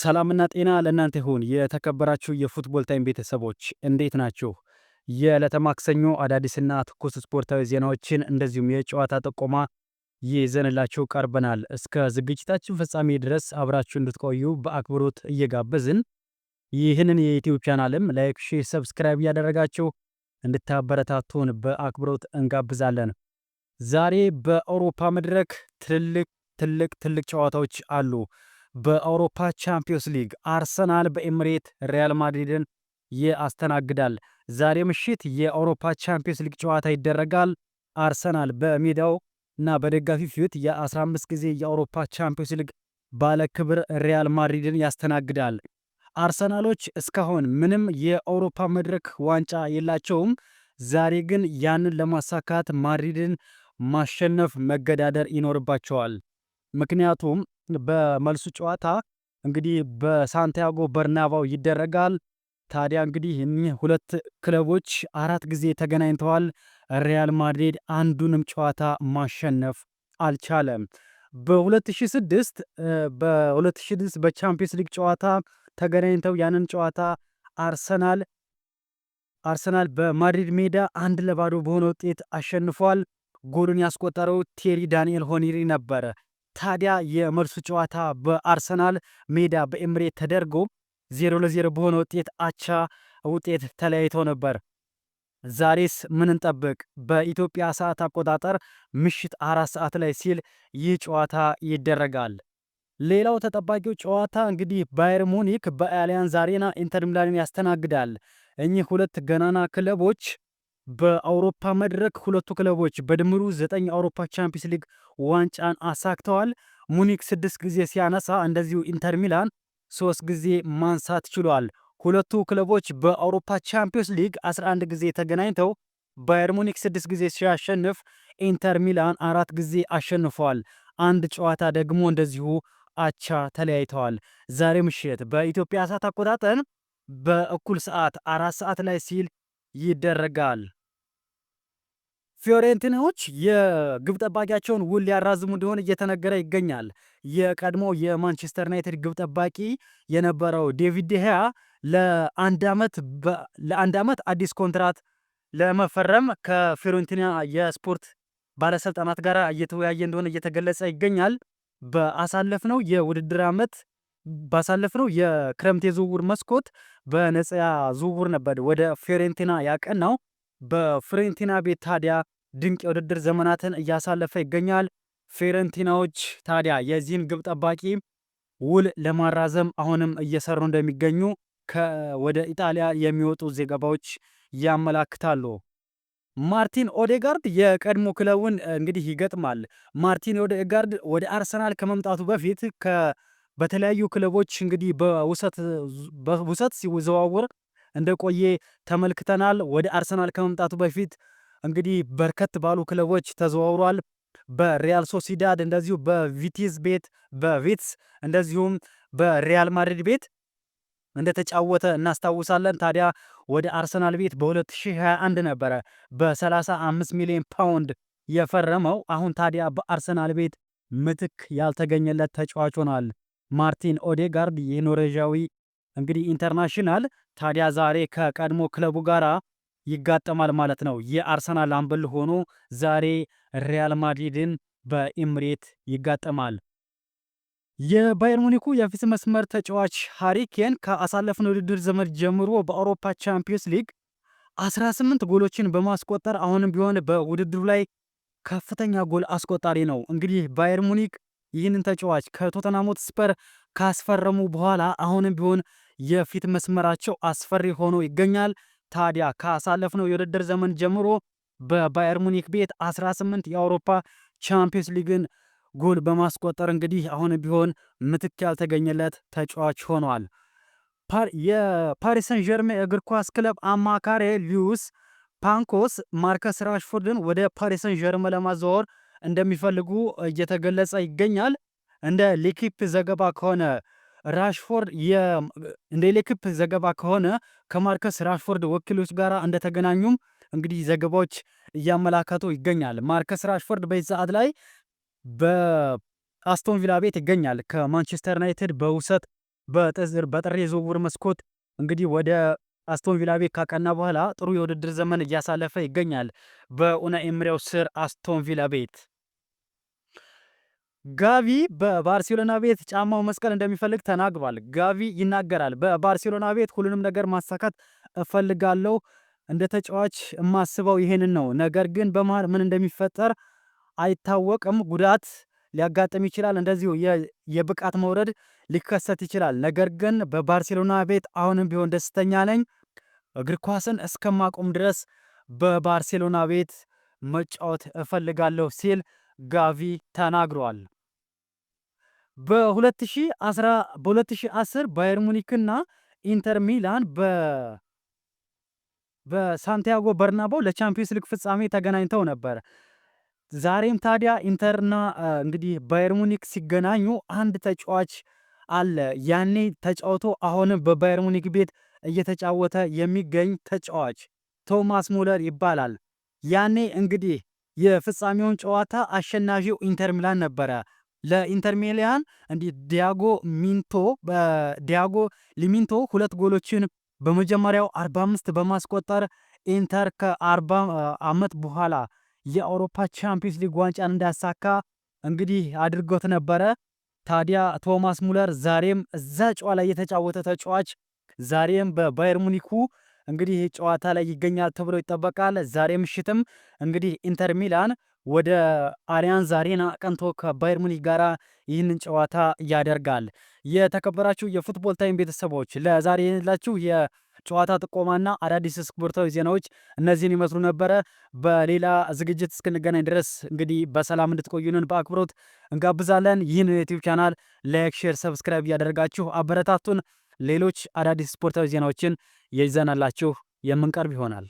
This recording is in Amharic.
ሰላምና ጤና ለእናንተ ይሁን። የተከበራችሁ የፉትቦል ታይም ቤተሰቦች እንዴት ናችሁ? የዕለተ ማክሰኞ አዳዲስና ትኩስ ስፖርታዊ ዜናዎችን እንደዚሁም የጨዋታ ጥቆማ ይዘንላችሁ ቀርበናል። እስከ ዝግጅታችን ፍጻሜ ድረስ አብራችሁ እንድትቆዩ በአክብሮት እየጋበዝን ይህንን የዩቲዩብ ቻናልም ላይክ፣ ሼር፣ ሰብስክራይብ እያደረጋችሁ እንድታበረታቱን በአክብሮት እንጋብዛለን። ዛሬ በአውሮፓ መድረክ ትልቅ ትልቅ ትልቅ ጨዋታዎች አሉ። በአውሮፓ ቻምፒዮንስ ሊግ አርሰናል በኤምሬት ሪያል ማድሪድን ያስተናግዳል። ዛሬ ምሽት የአውሮፓ ቻምፒዮንስ ሊግ ጨዋታ ይደረጋል። አርሰናል በሜዳው እና በደጋፊ ፊት የ15 ጊዜ የአውሮፓ ቻምፒዮንስ ሊግ ባለ ክብር ሪያል ማድሪድን ያስተናግዳል። አርሰናሎች እስካሁን ምንም የአውሮፓ መድረክ ዋንጫ የላቸውም። ዛሬ ግን ያንን ለማሳካት ማድሪድን ማሸነፍ መገዳደር ይኖርባቸዋል። ምክንያቱም በመልሱ ጨዋታ እንግዲህ በሳንቲያጎ በርናባው ይደረጋል። ታዲያ እንግዲህ እኚህ ሁለት ክለቦች አራት ጊዜ ተገናኝተዋል። ሪያል ማድሪድ አንዱንም ጨዋታ ማሸነፍ አልቻለም። በ2006 በ2006 በቻምፒየንስ ሊግ ጨዋታ ተገናኝተው ያንን ጨዋታ አርሰናል አርሰናል በማድሪድ ሜዳ አንድ ለባዶ በሆነ ውጤት አሸንፏል። ጎሉን ያስቆጠረው ቴሪ ዳንኤል ሆኒሪ ነበረ። ታዲያ የመልሱ ጨዋታ በአርሰናል ሜዳ በኤምሬት ተደርጎ ዜሮ ለዜሮ በሆነ ውጤት አቻ ውጤት ተለያይቶ ነበር። ዛሬስ ምን እንጠብቅ? በኢትዮጵያ ሰዓት አቆጣጠር ምሽት አራት ሰዓት ላይ ሲል ይህ ጨዋታ ይደረጋል። ሌላው ተጠባቂው ጨዋታ እንግዲህ ባየር ሙኒክ በአሊያንዝ አሬና ኢንተር ሚላንን ያስተናግዳል። እኚህ ሁለት ገናና ክለቦች በአውሮፓ መድረክ ሁለቱ ክለቦች በድምሩ ዘጠኝ አውሮፓ ቻምፒየንስ ሊግ ዋንጫን አሳክተዋል። ሙኒክ ስድስት ጊዜ ሲያነሳ እንደዚሁ ኢንተር ሚላን ሶስት ጊዜ ማንሳት ችሏል። ሁለቱ ክለቦች በአውሮፓ ቻምፒየንስ ሊግ 11 ጊዜ ተገናኝተው ባየር ሙኒክ ስድስት ጊዜ ሲያሸንፍ ኢንተር ሚላን አራት ጊዜ አሸንፏል አንድ ጨዋታ ደግሞ እንደዚሁ አቻ ተለያይተዋል። ዛሬ ምሽት በኢትዮጵያ ሰዓት አቆጣጠር በእኩል ሰዓት አራት ሰዓት ላይ ሲል ይደረጋል። ፊዮሬንቲናዎች የግብ ጠባቂያቸውን ውል ሊያራዝሙ እንደሆነ እየተነገረ ይገኛል። የቀድሞ የማንቸስተር ዩናይትድ ግብ ጠባቂ የነበረው ዴቪድ ዲሄያ ለአንድ ዓመት አዲስ ኮንትራት ለመፈረም ከፊዮሬንቲና የስፖርት ባለስልጣናት ጋር እየተወያየ እንደሆነ እየተገለጸ ይገኛል። በአሳለፍነው የውድድር ዓመት ባሳለፍነው የክረምት የዝውውር መስኮት በነፃ ዝውውር ነበር ወደ ፊዮሬንቲና ያቀናው። በፍሬንቲና ቤት ታዲያ ድንቅ የውድድር ዘመናትን እያሳለፈ ይገኛል። ፊዮረንቲናዎች ታዲያ የዚህን ግብ ጠባቂ ውል ለማራዘም አሁንም እየሰሩ እንደሚገኙ ወደ ኢጣሊያ የሚወጡ ዘገባዎች ያመላክታሉ። ማርቲን ኦዴጋርድ የቀድሞ ክለቡን እንግዲህ ይገጥማል። ማርቲን ኦዴጋርድ ወደ አርሰናል ከመምጣቱ በፊት በተለያዩ ክለቦች እንግዲህ በውሰት ሲዘዋውር እንደቆየ ተመልክተናል። ወደ አርሰናል ከመምጣቱ በፊት እንግዲህ በርከት ባሉ ክለቦች ተዘዋውሯል። በሪያል ሶሲዳድ እንደዚሁ በቪቲዝ ቤት በቪትስ እንደዚሁም በሪያል ማድሪድ ቤት እንደተጫወተ እናስታውሳለን። ታዲያ ወደ አርሰናል ቤት በ2021 ነበረ በ35 ሚሊዮን ፓውንድ የፈረመው። አሁን ታዲያ በአርሰናል ቤት ምትክ ያልተገኘለት ተጫዋች ሆኗል። ማርቲን ኦዴጋርድ የኖርዌዣዊ እንግዲህ ኢንተርናሽናል ታዲያ ዛሬ ከቀድሞ ክለቡ ጋር ይጋጠማል ማለት ነው። የአርሰናል አምበል ሆኖ ዛሬ ሪያል ማድሪድን በኢምሬት ይጋጠማል። የባየር ሙኒኩ የፊት መስመር ተጫዋች ሃሪኬን ከአሳለፍን ውድድር ዘመን ጀምሮ በአውሮፓ ቻምፒዮንስ ሊግ 18 ጎሎችን በማስቆጠር አሁንም ቢሆን በውድድሩ ላይ ከፍተኛ ጎል አስቆጣሪ ነው። እንግዲህ ባየር ሙኒክ ይህንን ተጫዋች ከቶተናም ሆትስፐር ካስፈረሙ በኋላ አሁንም ቢሆን የፊት መስመራቸው አስፈሪ ሆኖ ይገኛል። ታዲያ ካሳለፍነው የውድድር ዘመን ጀምሮ በባየር ሙኒክ ቤት 18 የአውሮፓ ቻምፒየንስ ሊግን ጎል በማስቆጠር እንግዲህ አሁን ቢሆን ምትክ ያልተገኘለት ተጫዋች ሆኗል። የፓሪሰን ጀርሜ እግር ኳስ ክለብ አማካሪ ሊዩስ ፓንኮስ ማርከስ ራሽፎርድን ወደ ፓሪሰን ጀርሜ ለማዘዋወር እንደሚፈልጉ እየተገለጸ ይገኛል። እንደ ሊኪፕ ዘገባ ከሆነ ራሽፎርድ እንደ ሌክፕ ዘገባ ከሆነ ከማርከስ ራሽፎርድ ወኪሎች ጋር እንደተገናኙም እንግዲህ ዘገባዎች እያመላከቱ ይገኛል። ማርከስ ራሽፎርድ በዚህ ሰዓት ላይ በአስቶን ቪላ ቤት ይገኛል። ከማንቸስተር ዩናይትድ በውሰት በጥር የዝውውር መስኮት እንግዲህ ወደ አስቶን ቪላ ቤት ካቀና በኋላ ጥሩ የውድድር ዘመን እያሳለፈ ይገኛል። በኡናይ ኤምሬው ስር አስቶን ቪላ ቤት ጋቪ በባርሴሎና ቤት ጫማው መስቀል እንደሚፈልግ ተናግሯል። ጋቪ ይናገራል። በባርሴሎና ቤት ሁሉንም ነገር ማሳካት እፈልጋለሁ። እንደ ተጫዋች የማስበው ይሄንን ነው። ነገር ግን በመሀል ምን እንደሚፈጠር አይታወቅም። ጉዳት ሊያጋጥም ይችላል። እንደዚሁ የብቃት መውረድ ሊከሰት ይችላል። ነገር ግን በባርሴሎና ቤት አሁንም ቢሆን ደስተኛ ነኝ። እግር ኳስን እስከማቆም ድረስ በባርሴሎና ቤት መጫወት እፈልጋለሁ ሲል ጋቪ ተናግሯል። በ2010 ባየር ሙኒክና ኢንተር ሚላን በሳንቲያጎ በርናባው ለቻምፒዮንስ ሊግ ፍጻሜ ተገናኝተው ነበር። ዛሬም ታዲያ ኢንተርና እንግዲህ ባየር ሙኒክ ሲገናኙ አንድ ተጫዋች አለ ያኔ ተጫውቶ አሁንም በባየር ሙኒክ ቤት እየተጫወተ የሚገኝ ተጫዋች ቶማስ ሙለር ይባላል። ያኔ እንግዲህ የፍጻሜውን ጨዋታ አሸናፊው ኢንተር ሚላን ነበረ። ለኢንተር ሚላን እንዲህ ዲያጎ ሚንቶ ዲያጎ ሊሚንቶ ሁለት ጎሎችን በመጀመሪያው 45 በማስቆጠር ኢንተር ከ40 ዓመት በኋላ የአውሮፓ ቻምፒዮንስ ሊግ ዋንጫን እንዳሳካ እንግዲህ አድርጎት ነበረ። ታዲያ ቶማስ ሙለር ዛሬም እዛ ጨዋ ላይ የተጫወተ ተጫዋች ዛሬም በባየር ሙኒኩ እንግዲህ ጨዋታ ላይ ይገኛል ተብሎ ይጠበቃል። ዛሬ ምሽትም እንግዲህ ኢንተር ሚላን ወደ አሊያንዝ አሬና ቀንቶ ከባየር ሙኒክ ጋር ይህንን ጨዋታ ያደርጋል። የተከበራችሁ የፉትቦል ታይም ቤተሰቦች ለዛሬ የላችሁ የጨዋታ ጥቆማና አዳዲስ ስፖርታዊ ዜናዎች እነዚህን ይመስሉ ነበረ። በሌላ ዝግጅት እስክንገናኝ ድረስ እንግዲህ በሰላም እንድትቆዩንን በአክብሮት እንጋብዛለን። ይህን ዩቲዩብ ቻናል ላይክ፣ ሼር፣ ሰብስክራይብ እያደረጋችሁ አበረታቱን። ሌሎች አዳዲስ ስፖርታዊ ዜናዎችን ይዘናላችሁ የምንቀርብ ይሆናል።